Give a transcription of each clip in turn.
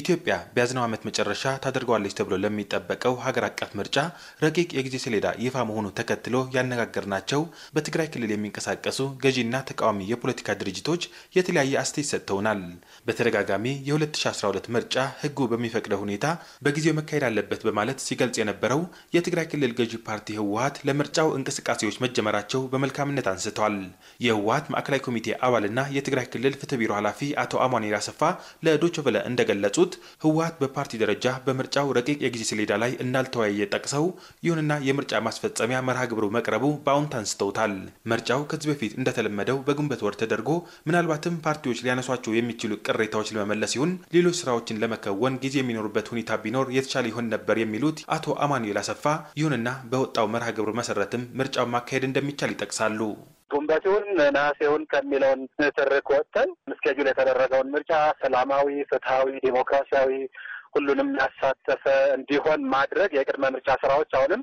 ኢትዮጵያ በያዝነው ዓመት መጨረሻ ታደርገዋለች ተብሎ ለሚጠበቀው ሀገር አቀፍ ምርጫ ረቂቅ የጊዜ ሰሌዳ ይፋ መሆኑ ተከትሎ ያነጋገርናቸው በትግራይ ክልል የሚንቀሳቀሱ ገዢና ተቃዋሚ የፖለቲካ ድርጅቶች የተለያየ አስተያየት ሰጥተውናል። በተደጋጋሚ የ2012 ምርጫ ሕጉ በሚፈቅደው ሁኔታ በጊዜው መካሄድ አለበት በማለት ሲገልጽ የነበረው የትግራይ ክልል ገዢ ፓርቲ ህወሀት ለምርጫው እንቅስቃሴዎች መጀመራቸው በመልካምነት አንስተዋል። የህወሀት ማዕከላዊ ኮሚቴ አባልና የትግራይ ክልል ፍትህ ቢሮ ኃላፊ አቶ አማኑኤል አሰፋ ለዶችቨለ እንደገለጹ ያነሱት ህወሀት በፓርቲ ደረጃ በምርጫው ረቂቅ የጊዜ ሰሌዳ ላይ እንዳልተወያየ ጠቅሰው፣ ይሁንና የምርጫ ማስፈጸሚያ መርሃ ግብሩ መቅረቡ በአዎንታ አንስተውታል። ምርጫው ከዚህ በፊት እንደተለመደው በግንቦት ወር ተደርጎ ምናልባትም ፓርቲዎች ሊያነሷቸው የሚችሉ ቅሬታዎች ለመመለስ ይሁን ሌሎች ስራዎችን ለመከወን ጊዜ የሚኖሩበት ሁኔታ ቢኖር የተሻለ ይሆን ነበር የሚሉት አቶ አማኑኤል አሰፋ፣ ይሁንና በወጣው መርሃ ግብሩ መሰረትም ምርጫው ማካሄድ እንደሚቻል ይጠቅሳሉ። ጉንበቴውን ነሐሴውን ከሚለውን ትርክ ወጥተን ምስኬጁል የተደረገውን ምርጫ ሰላማዊ፣ ፍትሐዊ፣ ዴሞክራሲያዊ ሁሉንም ያሳተፈ እንዲሆን ማድረግ የቅድመ ምርጫ ስራዎች አሁንም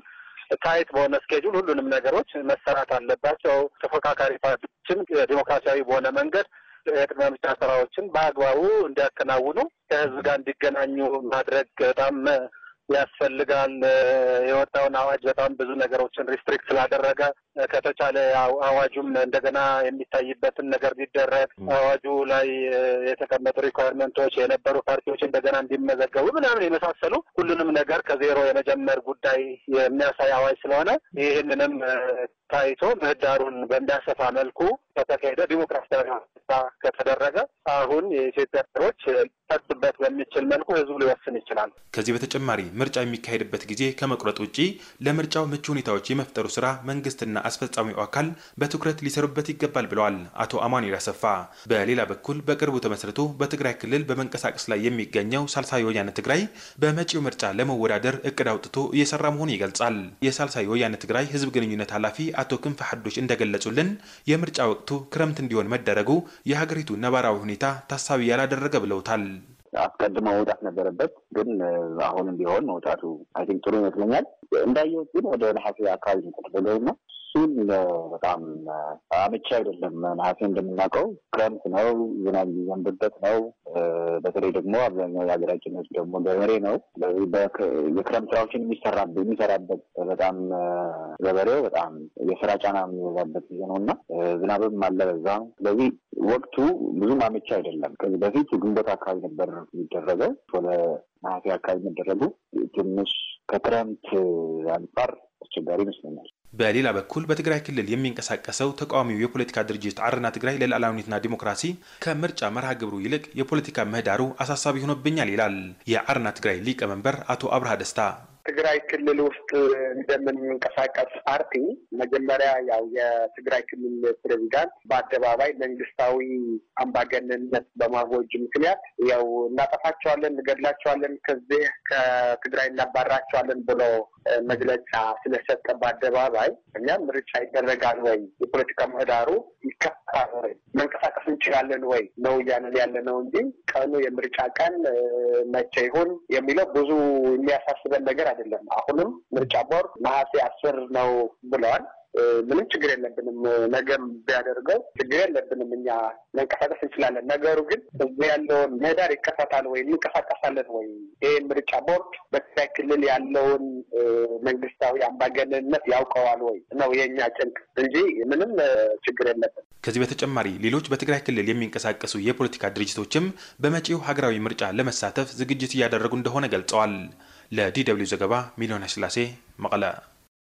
ታይት በሆነ ስኬጁል ሁሉንም ነገሮች መሰራት አለባቸው። ተፎካካሪ ፓርቲዎችን ዴሞክራሲያዊ በሆነ መንገድ የቅድመ ምርጫ ስራዎችን በአግባቡ እንዲያከናውኑ ከህዝብ ጋር እንዲገናኙ ማድረግ በጣም ያስፈልጋል። የወጣውን አዋጅ በጣም ብዙ ነገሮችን ሪስትሪክት ስላደረገ ከተቻለ አዋጁም እንደገና የሚታይበትን ነገር ቢደረግ አዋጁ ላይ የተቀመጡ ሪኳርመንቶች የነበሩ ፓርቲዎች እንደገና እንዲመዘገቡ ምናምን የመሳሰሉ ሁሉንም ነገር ከዜሮ የመጀመር ጉዳይ የሚያሳይ አዋጅ ስለሆነ ይህንንም ታይቶ ምህዳሩን በሚያሰፋ መልኩ ከተካሄደ ዲሞክራሲያዊ ከተደረገ አሁን የኢትዮጵያ ሮች ሊፈጽበት በሚችል መልኩ ህዝቡ ሊወስን ይችላል። ከዚህ በተጨማሪ ምርጫ የሚካሄድበት ጊዜ ከመቁረጥ ውጪ ለምርጫው ምቹ ሁኔታዎች የመፍጠሩ ስራ መንግስትና አስፈጻሚው አካል በትኩረት ሊሰሩበት ይገባል ብለዋል አቶ አማኑኤል አሰፋ። በሌላ በኩል በቅርቡ ተመስርቶ በትግራይ ክልል በመንቀሳቀስ ላይ የሚገኘው ሳልሳይ ወያነ ትግራይ በመጪው ምርጫ ለመወዳደር እቅድ አውጥቶ እየሰራ መሆኑ ይገልጻል። የሳልሳይ ወያነ ትግራይ ህዝብ ግንኙነት ኃላፊ አቶ ክንፈ ሐዶች እንደገለጹልን የምርጫ ወቅቱ ክረምት እንዲሆን መደረጉ የሀገሪቱ ነባራዊ ሁኔታ ታሳቢ ያላደረገ ብለውታል። አስቀድመው መውጣት ነበረበት፣ ግን አሁንም ቢሆን መውጣቱ አይ ቲንክ ጥሩ ይመስለኛል። እንዳየሁት ግን ወደ ነሐሴ አካባቢ ነው የተደረገው ነው እሱን በጣም አመቺ አይደለም። ነሐሴ እንደምናውቀው ክረምት ነው፣ ዝናብ የሚዘንብበት ነው። በተለይ ደግሞ አብዛኛው የሀገራችን ሕዝብ ደግሞ ገበሬ ነው። የክረምት ስራዎችን የሚሰራበት በጣም ገበሬው በጣም የስራ ጫና የሚበዛበት ጊዜ ነው እና ዝናብም አለ በዛ ስለዚህ ወቅቱ ብዙም አመቺ አይደለም። ከዚህ በፊት ግንቦት አካባቢ ነበር የሚደረገው። ወደ ነሐሴ አካባቢ መደረጉ ትንሽ ከክረምት አንጻር አስቸጋሪ ይመስለኛል። በሌላ በኩል በትግራይ ክልል የሚንቀሳቀሰው ተቃዋሚው የፖለቲካ ድርጅት አረና ትግራይ ለሉዓላዊነትና ዲሞክራሲ ከምርጫ መርሃ ግብሩ ይልቅ የፖለቲካ ምህዳሩ አሳሳቢ ሆኖብኛል ይላል የአረና ትግራይ ሊቀመንበር አቶ አብርሃ ደስታ። ትግራይ ክልል ውስጥ እንደምንንቀሳቀስ ፓርቲ መጀመሪያ ያው የትግራይ ክልል ፕሬዚዳንት በአደባባይ መንግስታዊ አምባገነንነት በማወጅ ምክንያት ያው እናጠፋቸዋለን፣ እንገድላቸዋለን፣ ከዚህ ከትግራይ እናባራቸዋለን ብሎ መግለጫ ስለሰጠ በአደባባይ እኛም ምርጫ ይደረጋል ወይ የፖለቲካ ምህዳሩ ይከፋ መንቀሳቀስ እንችላለን ወይ ነው እያንን ያለ ነው እንጂ ቀኑ የምርጫ ቀን መቼ ይሁን የሚለው ብዙ የሚያሳስበን ነገር አይደለም። አሁንም ምርጫ ቦርድ ነሐሴ አስር ነው ብለዋል። ምንም ችግር የለብንም። ነገም ቢያደርገው ችግር የለብንም። እኛ መንቀሳቀስ እንችላለን። ነገሩ ግን እዚህ ያለውን ምህዳር ይከፈታል ወይ እንንቀሳቀሳለን ወይ? ይህ ምርጫ ቦርድ በትግራይ ክልል ያለውን መንግስታዊ አምባገነንነት ያውቀዋል ወይ ነው የእኛ ጭንቅ እንጂ ምንም ችግር የለብን። ከዚህ በተጨማሪ ሌሎች በትግራይ ክልል የሚንቀሳቀሱ የፖለቲካ ድርጅቶችም በመጪው ሀገራዊ ምርጫ ለመሳተፍ ዝግጅት እያደረጉ እንደሆነ ገልጸዋል። ለዲ ደብልዩ ዘገባ ሚሊዮን ስላሴ መቀለ